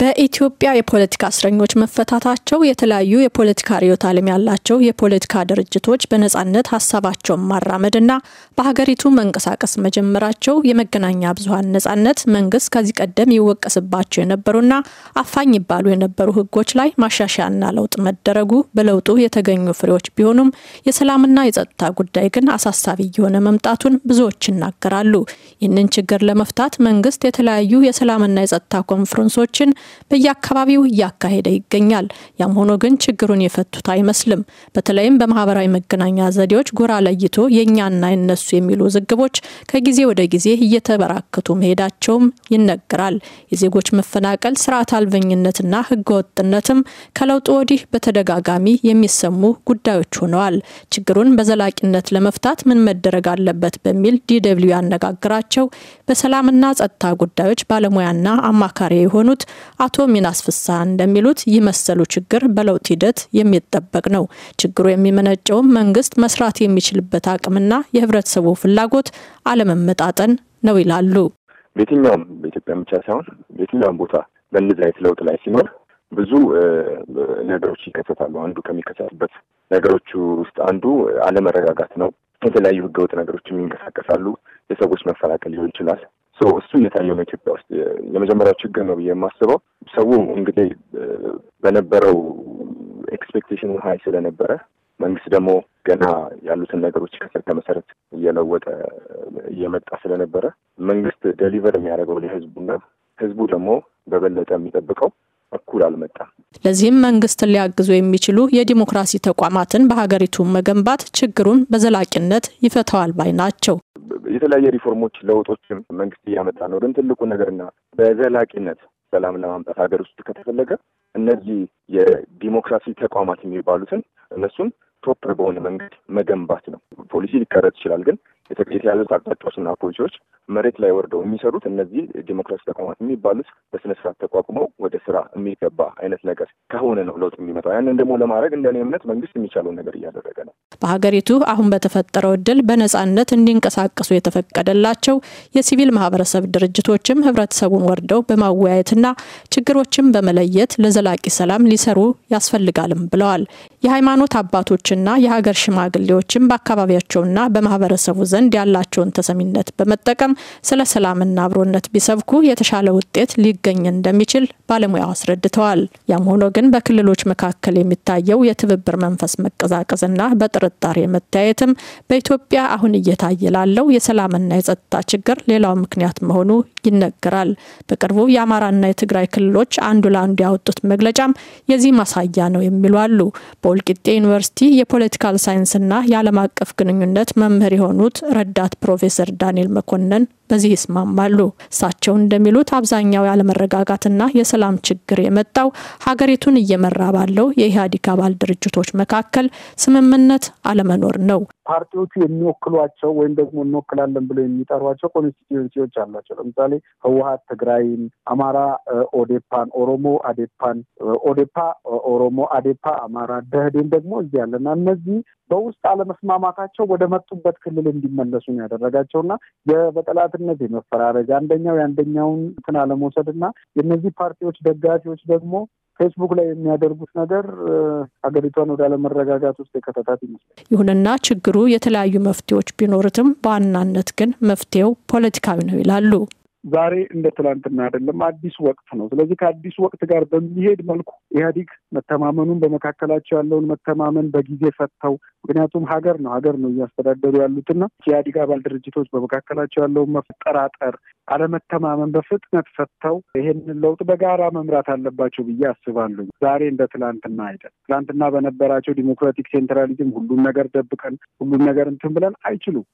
በኢትዮጵያ የፖለቲካ እስረኞች መፈታታቸው የተለያዩ የፖለቲካ ርዕዮተ ዓለም ያላቸው የፖለቲካ ድርጅቶች በነጻነት ሀሳባቸውን ማራመድና በሀገሪቱ መንቀሳቀስ መጀመራቸው የመገናኛ ብዙሀን ነጻነት መንግስት ከዚህ ቀደም ይወቀስባቸው የነበሩና አፋኝ ይባሉ የነበሩ ህጎች ላይ ማሻሻያና ለውጥ መደረጉ በለውጡ የተገኙ ፍሬዎች ቢሆኑም የሰላምና የጸጥታ ጉዳይ ግን አሳሳቢ እየሆነ መምጣቱን ብዙዎች ይናገራሉ። ይህንን ችግር ለመፍታት መንግስት የተለያዩ የሰላምና የጸጥታ ኮንፈረንሶችን በየአካባቢው እያካሄደ ይገኛል። ያም ሆኖ ግን ችግሩን የፈቱት አይመስልም። በተለይም በማህበራዊ መገናኛ ዘዴዎች ጎራ ለይቶ የእኛና የነሱ የሚሉ ዝግቦች ከጊዜ ወደ ጊዜ እየተበራከቱ መሄዳቸውም ይነገራል። የዜጎች መፈናቀል፣ ስርዓት አልበኝነትና ህገወጥነትም ከለውጡ ወዲህ በተደጋጋሚ የሚሰሙ ጉዳዮች ሆነዋል። ችግሩን በዘላቂነት ለመፍታት ምን መደረግ አለበት በሚል ዲደብሊው ያነጋግራቸው በሰላምና ጸጥታ ጉዳዮች ባለሙያና አማካሪ የሆኑት አቶ ሚናስ ፍስሐ እንደሚሉት ይህ መሰሉ ችግር በለውጥ ሂደት የሚጠበቅ ነው። ችግሩ የሚመነጨውም መንግስት መስራት የሚችልበት አቅምና የህብረተሰቡ ፍላጎት አለመመጣጠን ነው ይላሉ። በየትኛውም በኢትዮጵያ ብቻ ሳይሆን በየትኛውም ቦታ በእንደዚህ አይነት ለውጥ ላይ ሲኖር ብዙ ነገሮች ይከሰታሉ። አንዱ ከሚከሰትበት ነገሮች ውስጥ አንዱ አለመረጋጋት ነው። የተለያዩ ህገወጥ ነገሮችም ይንቀሳቀሳሉ። የሰዎች መፈላከል ሊሆን ይችላል። እሱ እየታየው ነው ኢትዮጵያ ውስጥ የመጀመሪያው ችግር ነው ብዬ የማስበው ሰው እንግዲህ በነበረው ኤክስፔክቴሽን ሀይ ስለነበረ መንግስት ደግሞ ገና ያሉትን ነገሮች ከስር ከመሰረት እየለወጠ እየመጣ ስለነበረ መንግስት ደሊቨር የሚያደርገው ለህዝቡና ህዝቡ ደግሞ በበለጠ የሚጠብቀው እኩል አልመጣም። ለዚህም መንግስትን ሊያግዙ የሚችሉ የዲሞክራሲ ተቋማትን በሀገሪቱ መገንባት ችግሩን በዘላቂነት ይፈተዋል ባይ ናቸው። የተለያየ ሪፎርሞች፣ ለውጦችም መንግስት እያመጣ ነው። ግን ትልቁ ነገርና በዘላቂነት ሰላም ለማምጣት ሀገር ውስጥ ከተፈለገ እነዚህ የዲሞክራሲ ተቋማት የሚባሉትን እነሱን ፕሮፐር በሆነ መንገድ መገንባት ነው። ፖሊሲ ሊቀረጽ ይችላል፣ ግን የተያዙት አቅጣጫዎችና ፖሊሲዎች መሬት ላይ ወርደው የሚሰሩት እነዚህ ዲሞክራሲ ተቋማት የሚባሉት በስነ ስርዓት ተቋቁመው ወደ ስራ የሚገባ አይነት ነገር ከሆነ ነው ለውጥ የሚመጣው። ያንን ደግሞ ለማድረግ እንደኔ እምነት መንግስት የሚቻለውን ነገር እያደረገ ነው። በሀገሪቱ አሁን በተፈጠረው እድል በነፃነት እንዲንቀሳቀሱ የተፈቀደላቸው የሲቪል ማህበረሰብ ድርጅቶችም ህብረተሰቡን ወርደው በማወያየትና ችግሮችን በመለየት ለዘላቂ ሰላም ሊሰሩ ያስፈልጋልም ብለዋል። የሃይማኖት አባቶችና የሀገር ሽማግሌዎችም በአካባቢያቸውና በማህበረሰቡ ዘንድ ያላቸውን ተሰሚነት በመጠቀም ስለ ሰላምና አብሮነት ቢሰብኩ የተሻለ ውጤት ሊገኝ እንደሚችል ባለሙያው አስረድተዋል። ያም ሆኖ ግን በክልሎች መካከል የሚታየው የትብብር መንፈስ መቀዛቀዝና በጥርጣሬ መታየትም በኢትዮጵያ አሁን እየታየ ላለው የሰላምና የጸጥታ ችግር ሌላው ምክንያት መሆኑ ይነገራል። በቅርቡ የአማራና የትግራይ ክልሎች አንዱ ለአንዱ ያወጡት መግለጫም የዚህ ማሳያ ነው የሚሉ አሉ። ወልቂጤ ዩኒቨርሲቲ የፖለቲካል ሳይንስና የዓለም አቀፍ ግንኙነት መምህር የሆኑት ረዳት ፕሮፌሰር ዳንኤል መኮንን በዚህ ይስማማሉ። እሳቸው እንደሚሉት አብዛኛው ያለመረጋጋትና የሰላም ችግር የመጣው ሀገሪቱን እየመራ ባለው የኢህአዴግ አባል ድርጅቶች መካከል ስምምነት አለመኖር ነው። ፓርቲዎቹ የሚወክሏቸው ወይም ደግሞ እንወክላለን ብለው የሚጠሯቸው ኮንስቲትዩንሲዎች አሏቸው። ለምሳሌ ህወሀት ትግራይን፣ አማራ ኦዴፓን፣ ኦሮሞ አዴፓን፣ ኦዴፓ ኦሮሞ፣ አዴፓ አማራ፣ ደህዴን ደግሞ እዚህ ያለና እነዚህ በውስጥ አለመስማማታቸው ወደ መጡበት ክልል እንዲመለሱ ነው ያደረጋቸው እና በጠላትነት የመፈራረጅ አንደኛው የአንደኛውን እንትን አለመውሰድ እና የእነዚህ ፓርቲዎች ደጋፊዎች ደግሞ ፌስቡክ ላይ የሚያደርጉት ነገር ሀገሪቷን ወደ አለመረጋጋት ውስጥ የከተታት ይመስላል። ይሁንና ችግሩ የተለያዩ መፍትሄዎች ቢኖሩትም በዋናነት ግን መፍትሄው ፖለቲካዊ ነው ይላሉ። ዛሬ እንደ ትላንትና አይደለም፣ አዲስ ወቅት ነው። ስለዚህ ከአዲስ ወቅት ጋር በሚሄድ መልኩ ኢህአዲግ መተማመኑን በመካከላቸው ያለውን መተማመን በጊዜ ፈተው፣ ምክንያቱም ሀገር ነው ሀገር ነው እያስተዳደሩ ያሉትና የኢህአዲግ አባል ድርጅቶች በመካከላቸው ያለውን መጠራጠር፣ አለመተማመን በፍጥነት ፈተው ይሄንን ለውጥ በጋራ መምራት አለባቸው ብዬ አስባለሁ። ዛሬ እንደ ትላንትና አይደል። ትላንትና በነበራቸው ዲሞክራቲክ ሴንትራሊዝም ሁሉን ነገር ደብቀን ሁሉን ነገር እንትን ብለን አይችሉም።